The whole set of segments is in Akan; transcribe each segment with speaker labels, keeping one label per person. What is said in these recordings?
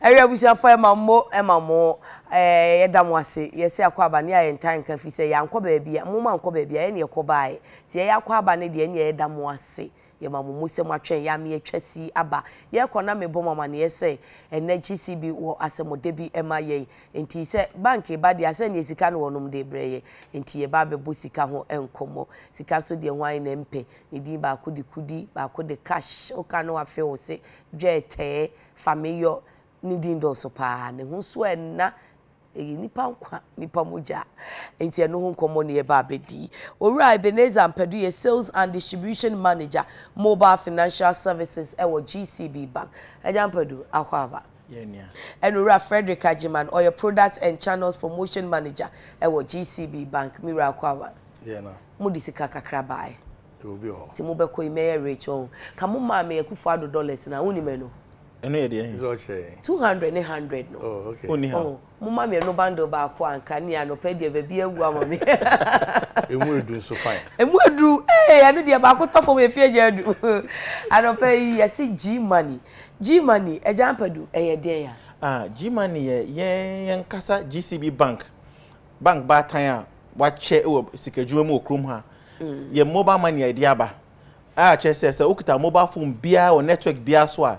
Speaker 1: ɛwia abusuafo ɛma mo ɛma mo ɛɛ eh, yɛda mo ase yɛsɛ akɔ aba ne ayɛ ntan nka fi sɛ yɛankɔ baabi a mo ma nkɔ baabi a yɛne yɛkɔ baayɛ te yɛyɛ akɔ aba ne deɛ ne yɛda mo ase yɛma mo mu sɛ mo atwɛn yɛ ame yɛtwa si aba yɛkɔ na mebɔ mo amaneɛ sɛ ɛnɛ gc bi wɔ asɛmɔde bi ɛma yɛn nti sɛ banki ba deɛ asɛ neɛ sika no wɔnom de brɛ yɛ nti yɛba abɛbɔ sika ho nkɔmmɔ sika so deɛ ho ayɛ na mpɛ ne din baako de kudi baako de cash woka no wafe wo se dwɛɛtɛɛ fameyɔ ne din dɔɔso paa ne ho nso ɛna ɛyɛ nipa nkwa nipa mogya nti ɛno ho nkɔmmɔ ne yɛba abɛdi owura ebenezer mpɛdu yɛ sales and distribution manager mobile financial services ɛwɔ gcb bank ɛgya mpɛdu akɔ aba ɛnura frederick ajiman ɔyɛ product and channels promotion manager ɛwɔ gcb bank mira akɔ aba mo de sika kakra baa yɛ ti mo bɛ kɔ yi mɛyɛ rachel ka mo maa mi yɛ ado dollars na awo ni mɛ no
Speaker 2: ɛno yɛ deɛ ɛn
Speaker 1: two hundred ne hundred no oh okay oni ha oh, mo ma mmienu bando baako anka ne anɔpɛ deɛ baabi awu ama mi.
Speaker 3: emu edu nso fine.
Speaker 1: emu edu ee ɛno deɛ baako tɔ fam efi egya edu anɔpɛ yi yɛsi g money g money ɛgya mpadu ɛyɛ deɛ ya. ah g money yɛ yɛn yɛn kasa gcb bank bank
Speaker 2: baatan a wakyɛ wɔ sikadwuma mu wɔ kurom ha mm. yɛ mobile money a yɛde aba a kyerɛ sɛ sɛ wokita mobile phone biara wɔ network biara so a.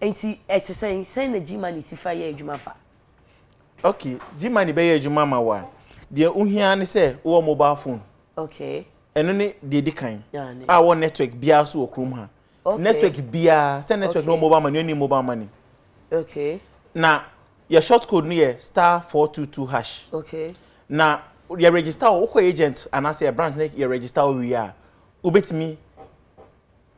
Speaker 1: nti ɛte sɛn sɛn na gmani si fa yɛ adwuma fa
Speaker 2: okay gmani bɛyɛ adwuma ma wa deɛ ohia ne sɛ wowɔ mobile phone okay ɛno ne deɛ di kan a wɔ network biara so wɔ kurom ha
Speaker 1: okay. network biara
Speaker 2: sɛ network okay. no mobile money ɔni mobile money okay na yɛ short code no ye star 422 hash okay na yɛ register wɔ wokɔ agent anaasɛ yɛ branch ne yɛ register wɔ wie a wobɛtumi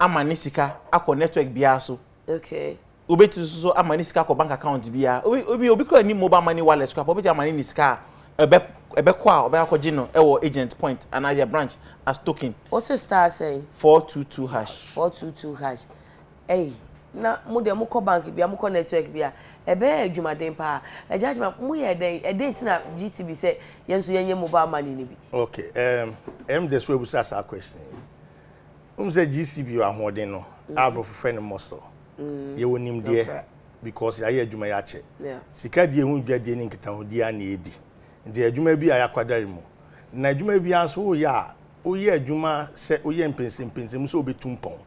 Speaker 2: ama ne sika akɔ network biara so okay obetumi soso amani ne sika kɔ bank account bi a obi obi kura ni mobile money wallet kɔ obi amani ama ne ni sika ebe ɛbɛ kɔ a ɔbɛ akɔ gye no ɛwɔ agent point ana branch as token. o si star sɛn. four two two
Speaker 1: hash. four two two hash ɛyi na mo de mo kɔ bank bi a mo kɔ network bi a ɛbɛ yɛ adwumaden paa ɛgya adwuma mo yɛ ɛdɛn ɛdɛn ti na gtb sɛ yɛn nso yɛn mobile money ni bi.
Speaker 3: okay um ɛm de so ebusa question n um sɛ gtb wɔ ahoɔden no mm. a aborɔfo fɛ muscle.
Speaker 1: Mm. yɛwɔ nimdeɛ
Speaker 3: because yɛayɛ adwuma yɛ akyɛ sika deɛ ho dwadeɛ ne nkitahodie a na yɛdi nti adwuma bi a yɛakwadare mu na adwuma bi a nso woyɛ a woyɛ adwuma sɛ woyɛ mpɛnsɛmpɛnsɛm sɛ wobɛtu mpɔn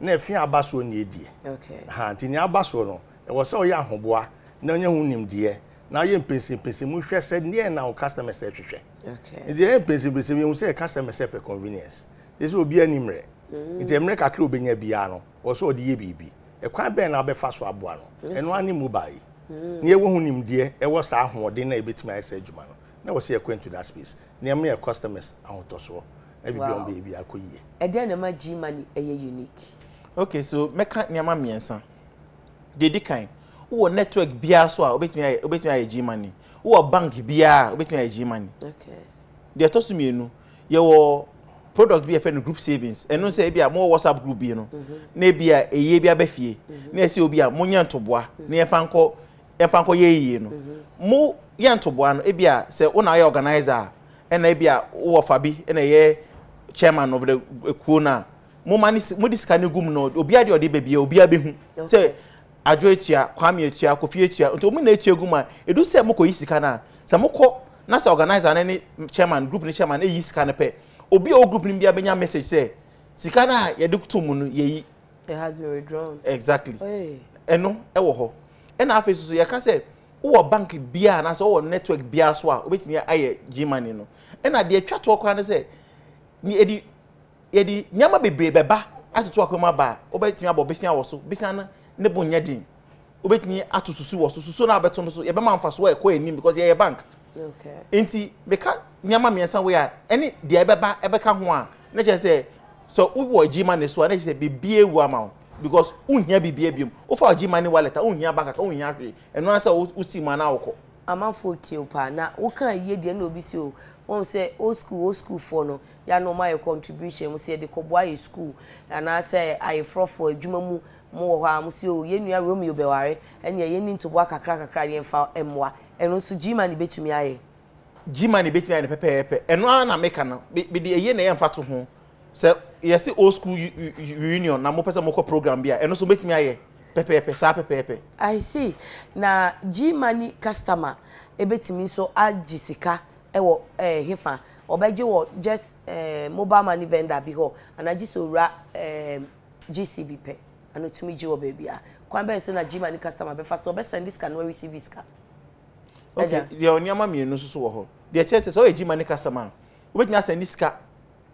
Speaker 3: na ɛfi aba soɔ na yɛdie ha nti nea aba soɔ no ɛwɔ sɛ woyɛ ahoboa na wonya ho nimdeɛ na yɛ mpɛnsɛmpɛnsɛm hwɛ sɛ neɛ na wo customer sɛ hwehwɛ nti yɛ mpɛnsɛmpɛnsɛm yɛhu sɛ customer sɛ pɛ convenience ɛsɛ obi animmerɛ mm. nti mmerɛ kakra obɛnya biara no wɔ sɛ ɔde yɛ biribi ɛkwan bɛn na abɛfa so aboa no ɛno ani mu baa yi mm. ne yɛwɔ ho nimdeɛ ɛwɔ saa ahoɔden na yɛbɛtumi ayɛ sɛ adwuma no na wɔsi ɛkɔ into that space nneɛma yɛ customers ahotɔsoɔ ɛbi bi wɔn beebi akɔ yie.
Speaker 1: ɛdɛn na ma gyi ma ni
Speaker 2: ɛyɛ unique. okay so mɛka nneɛma mmiɛnsa deedi kan wowɔ network biara so a obetumi ayɛ obetumi ayɛ gyi ma ni wowɔ bank biara obetumi ayɛ gyi ma ni. okay deɛ ɛtɔ so mmienu yɛwɔ product bi yɛfɛ no group savings Eno sɛ ebi a mo whatsapp group bi no mhm. na ebi a eye bi abɛ mhm. na ɛsɛ obi a mo nyɛ ntoboa na yɛfa nkɔ yɛfa nkɔ yɛ yie no mhm. mo yɛ ntoboa no ebi a sɛ wɔn na organizer Ena ɛna ebi a wɔwɔ fa bi ɛna yɛ chairman of the eh, kuna. na mo ma ne mo de ne gum no obi a deɛ ɔde bɛbi yɛ obi a bɛ hu sɛ adwo etua kwame etua kofi etua nti omi na etua gum a edu se, mo kɔ yi sika na sɛ mo kɔ na sɛ organizer ne ne chairman group ni chairman eyi sika ne pɛ obi a o group ni bi a message sɛ sika na yɛde to mu no yɛyi.
Speaker 1: it has been withdrawn.
Speaker 2: exactly ɛno ɛwɔ hɔ ɛna afei soso yɛka sɛ wowɔ bank biara anaasɛ wowɔ network biara so a wobɛtumi ayɛ gmani no ɛna deɛ atwa toɔ koraa no sɛ yɛde yɛde nneɛma bebree bɛba atoto akɔma aba a wobɛtumi abɔ besia wɔ so besia no ne bo nyɛ den wobɛtumi ato susu wɔ so susu no abɛto no so yɛbɛma mfa so wɔ ɛkɔ anim because yɛyɛ bank. Okay. Nti beka nyama miensa we a any de ebeba ebeka ho a na che say so wo wo jima ne so na che say bibie wo ama because unhia bibie biom wo fa jima ne wallet a unhia bank account unhia hwe
Speaker 1: eno asa wo si ma na wo amanfoɔ tie o paa na woka yie deɛ na obi si o wɔn sɛ old school old school foɔ no ya no ɔmo ayɛ contribution mo sɛ yɛde kɔboa yɛ school anaasɛ ayɛforɔfoɔ adwuma mu mo wɔ hɔ a mo si o oh, yɛn nua romeo bɛware ɛnna yɛn ni ntoboa kakra kakra yɛn fa mmoa ɛno nso gima ne betumi ayɛ. gima ne betumi ayɛ ne
Speaker 2: pɛpɛɛpɛ ɛno ara na meka no bidi eye na yɛn fa to ho sɛ yɛsi old school reunion na mo pɛ sɛ mo kɔ program bi a ɛno nso betumi ayɛ pẹpẹpẹ saa pẹpẹpẹ.
Speaker 1: i see na money customer ebetumi nso agye sika ɛwɔ ɛɛ eh, hefa ɔbɛgye wɔ just ɛɛ eh, mobile money vendor bi hɔ anagye sɛ owura ɛɛ eh, gc bi pɛ ana otumi gye wɔ baabi a kwan bɛyɛ so na money customer bɛfa so ɔbɛsɛn disika na ɔreceive sika. ok
Speaker 2: deɛ nneɛma mmienu nso so wɔ hɔ deɛ kyerɛ sɛ sɛ ɔyɛ money customer wobɛtumi asɛn disika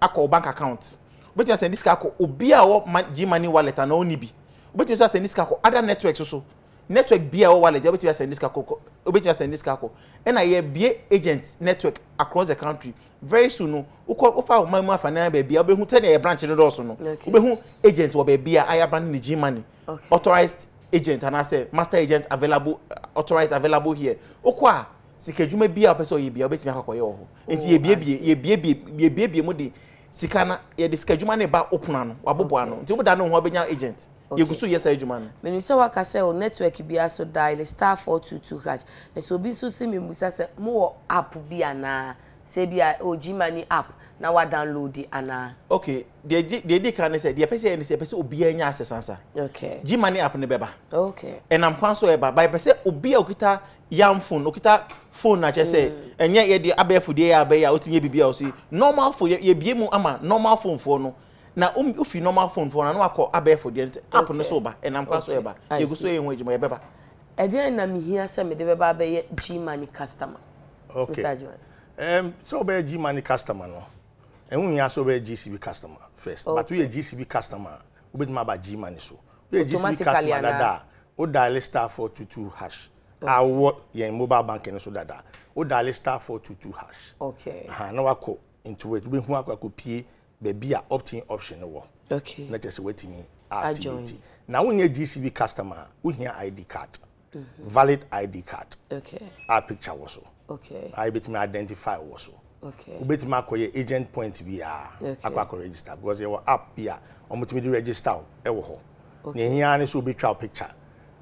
Speaker 2: akɔ bank account wobɛtumi asɛn disika akɔ obi a ɔwɔ money wallet ana ɔni bi obetumi so asɛn ne sika kɔ other network soso network A wɔ wallet obetumi asɛn ne sika kɔ obetumi asɛn ne sika kɔ ɛna yɛ bie agent network across the country very soon no wokɔ wofa ɔman mu afanan baabi a wobɛhu tɛnɛ yɛ branch no dɔɔso no wobɛhu agent wɔ baabi a ayaba ne ne g money authorized agent anaasɛ master agent available uh, authorized available here wokɔ a sika adwuma bi a wopɛ sɛ ɔyɛ bia wobɛtumi akɔkɔyɛ wɔ hɔ nti yɛbiebie mu de sika na yɛde sika adwuma no ba wopona no waboboa no
Speaker 1: nti woboda no ho wobɛnya agent yɛgusu yɛ saa adwuma no menim sɛ waka sɛ wo network biara so dial star 422 hatch ɛsɛ obi nso se membusa sɛ mowɔ app bi anaa sɛ bi a ɔgyi app na wadownload anaa ok deɛ di kan ne sɛ deɛ ɛpɛ sɛ
Speaker 2: ɛne sɛ ɛpɛ sɛ obiara nya asɛ sansa ok gyi ma ni app ne bɛba
Speaker 1: ɛnam
Speaker 2: e kwan so ɛba e ba ɛpɛ e sɛ obi a okita yam phone okita phone na kyɛ sɛ ɛnyɛ mm. yɛde abɛɛfo deɛ yɛ abɛyɛ a wotumi yɛ biribi a wɔsi normal phone yɛbie mu ama normal phone foɔ no na wofi um, normal phone foɔ na na wakɔ abɛɛfo deɛ nti app no so ba ɛnam kwa so yɛba yɛgu so yɛ ho adwuma yɛbɛba
Speaker 1: ɛdeɛn na mehia sɛ mede bɛba G money customer okay. um, sɛ wobɛyɛ
Speaker 3: gmani customer no ɛho ya sɛ wobɛyɛ gcb customer first okay. but woyɛ gcb customer a wobɛtumi G money so woyɛ gcb customer uh, dada a wodale star 422 hash okay. a wɔ yɛn mobile bank no so dada dial star 422 hash okay. Aha, na wakɔ into it wobɛhu akɔ akɔpie baabi a opt-in option wɔ okay. na kyerɛ sɛ woatumi activity na wonyɛ gcb customer a wohia id card mm -hmm. valid id card okay. a picture wɔ so okay. a yɛbɛtumi identify wɔ so wobɛtumi akɔyɛ agent point bi a akɔ akɔ register because yɛwɔ app bi a ɔmotumi de register wo ɛwɔ hɔ na ɛhia ne sɛ wobɛtwa wo picture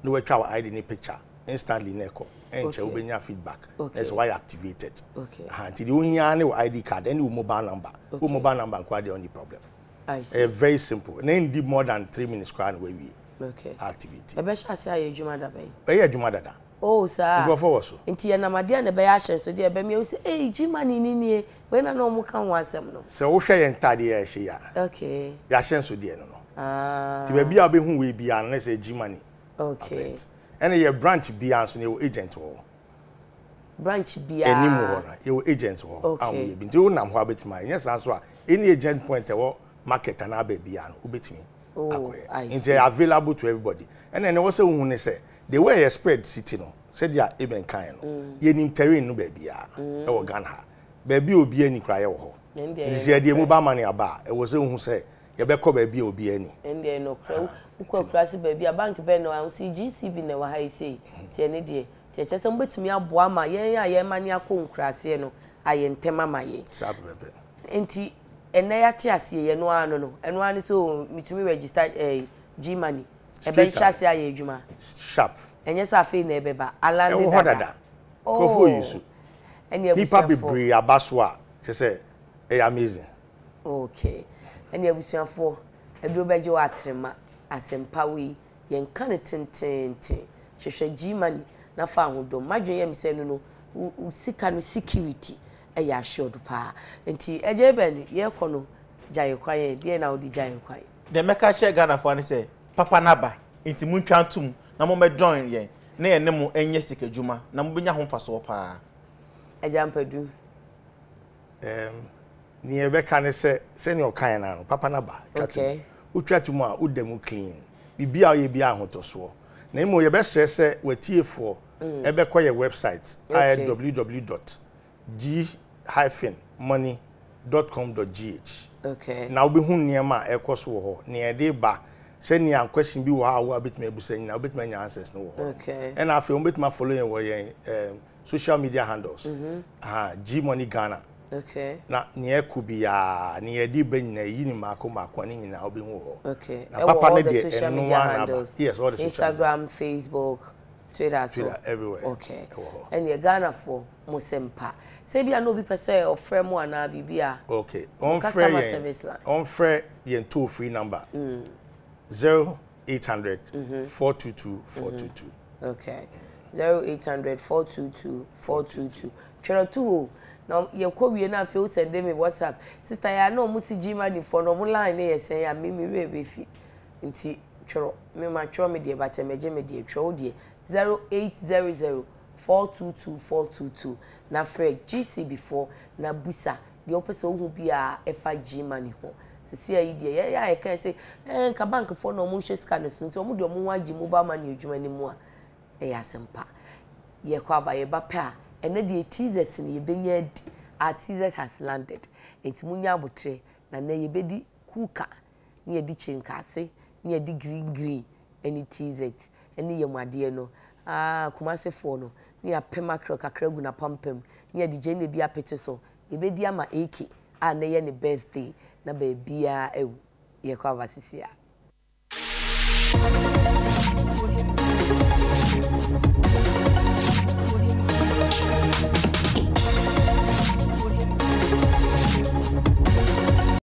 Speaker 3: na woatwa id ne picture instantly na ɛkɔ ɛnkyɛ wobɛnya feedback That's why activated Okay. deɛ wohia ne wɔ id card any wo mobile number wo mobile number nkoa deɛ ɔne problem ɛyɛ very simple na ɛndi more than three minutes koraa na Okay. activity
Speaker 1: ɛbɛhyɛ ase ayɛ adwuma dada yi
Speaker 3: ɛyɛ adwuma dada
Speaker 1: o saa nkurɔfoɔ wɔ so nti yɛnam adeɛ na ɛbɛyɛ ahyɛ nso deɛ ɛbɛmia wo sɛ ei gyima ne ni nie wei na na ɔmo ka ho asɛm no
Speaker 3: sɛ wohwɛ yɛ ntadeɛ a ɛhyɛ yi a yɛahyɛ nso deɛ no no
Speaker 1: nti baabi
Speaker 3: a wobɛhu wei biara okay. Apet ɛna yɛ branch biara nso na yɛwɔ agent wɔ
Speaker 1: branch biara anim wɔ
Speaker 3: no yɛwɔ agent wɔ a wɔyɛ bi nti wonam hɔ abɛtumi a ɛnyɛ saa a any agent point ɛwɔ market ana anaa baabiara no wobɛtumi oh, akɔyɛ nti available to everybody ɛna ɛna ɛwɔ sɛ wohu sɛ the way yɛ spread city no sɛdeɛ ebɛn kan no mm. yɛnim terrain no baabiara mm. ɛwɔ ghana ha baabi a obi ani kora yɛwɔ hɔ
Speaker 1: nti sɛ yɛde emu ba
Speaker 3: ama ne aba a ɛwɔ sɛ wohu sɛ yɛbɛkɔ baabi a obi ani.
Speaker 1: wokɔakura se baabi a bank bɛ na wo sɛ gcb na wɔ ha yi sei nti ɛne deɛ nti ɛkyɛ sɛ mobɛtumi aboa ma yɛn a yɛma ne akɔ nkuraseɛ no ayɛ ntɛm ama yɛ nti ɛnɛ yɛate aseɛ yɛ no ara no no ɛno ara ne sɛ metumi register g money ɛbɛnhyɛ ase ayɛ adwuma sharp ɛnyɛ sɛ afei na ɛbɛba alande dada kɔfoɔ yi so oh, nipa bebree
Speaker 3: aba so a kyɛ sɛ ɛyɛ amazing
Speaker 1: okay ɛne abusuafoɔ aduro bɛgye wɔ atrema asɛmpa wo yi yɛnka no tententen hwehwɛ gyi ma na fa ahodɔm madwene yɛ me sɛ no no sika no security ɛyɛ assured paa nti ɛgye bɛn yɛkɔ no gyae kwan yɛ deɛ na wode gyae kwan deɛ mɛka
Speaker 2: kyerɛ ghanafoɔ ne sɛ papa n'aba aba nti montwa ntom na mommɛdɔn yɛn na yɛne mo ɛnyɛ sika dwuma na mobɛnya ho mfasoɔ paa agya mpadu
Speaker 3: um, neɛ ɛbɛka ne sɛ sɛnea ɔkae no no papa n'aba. okay. wotwa to mu a woda mu clean biribi a woyɛ biara ahotɔsoɔ na mmom yɛbɛsrɛ sɛ watiefoɔ ɛbɛkɔ yɛ website a yɛ www g hyphen money dot com dot gh okay. na wobɛhu nneɛma e a ɛkɔ so wɔ hɔ nea yɛde ba sɛnea question bi wɔ hɔ a wo a wobɛtumi abusa nyina wobɛtumi anya answers no wɔ hɔ ɛna e afei wobɛtumi afollow yɛn wɔ yɛn eh, social media handles mm -hmm. uh, g money ghana Okay. na nea ɛku biara nea yɛde bɛ nyinaa yi ni mako mako ne nyinaa obi hu hɔ. okay
Speaker 1: na papa ne deɛ ɛnua naba yes all the social instagram media. facebook twitter so everywhere okay ɛwɔ hɔ ɛnna ghana fo mo sɛ mpa sɛ bi a na obi pɛ sɛ ɔfrɛ mu anaa biribi a.
Speaker 3: okay ɔnfrɛ yɛn ɔnfrɛ yɛn toll free number. Mm. zero eight hundred. Mm-hmm. four two two four two two. Mm-hmm.
Speaker 1: okay. 0800 422 422 twerɛtoo na yɛkɔ wie no afei wosɛnde me whatsapp sister yɛ a na ya si gyima defoɔ no ɔmo line no yɛ sɛn a memerɛ bɛfi nti twerɛ mema twerɛ me deɛ batɛ magye me deɛ twerɛ wo 0800 422 422 na fred gc before na busa deɛ wopɛ sɛ bi a ɛfa e gyima ne yi sisi ya ya yɛyɛ a e e eh, nka na ɔmo nhyɛ sika no so nti ɔmo deɛ mobile money ɛyɛ asɛmpa yɛkɔ aba yɛba pɛ a ɛnɛ deɛ tz no yɛbɛnya adi a tz has landed nti munya abotire na nnɛ bedi kuka ne yɛdi kyenkase ne yɛdi green green ɛne tz ɛne yɛmu adeɛ no Ah, aa kumasefoɔ no ne yɛapɛm akorɔ kakra gu n'apampam ne yɛde gye ne bi apete so bedi ama ak a ne yɛ ne birthday na baabiara ɛwu yɛkɔ aba sisi a. thank you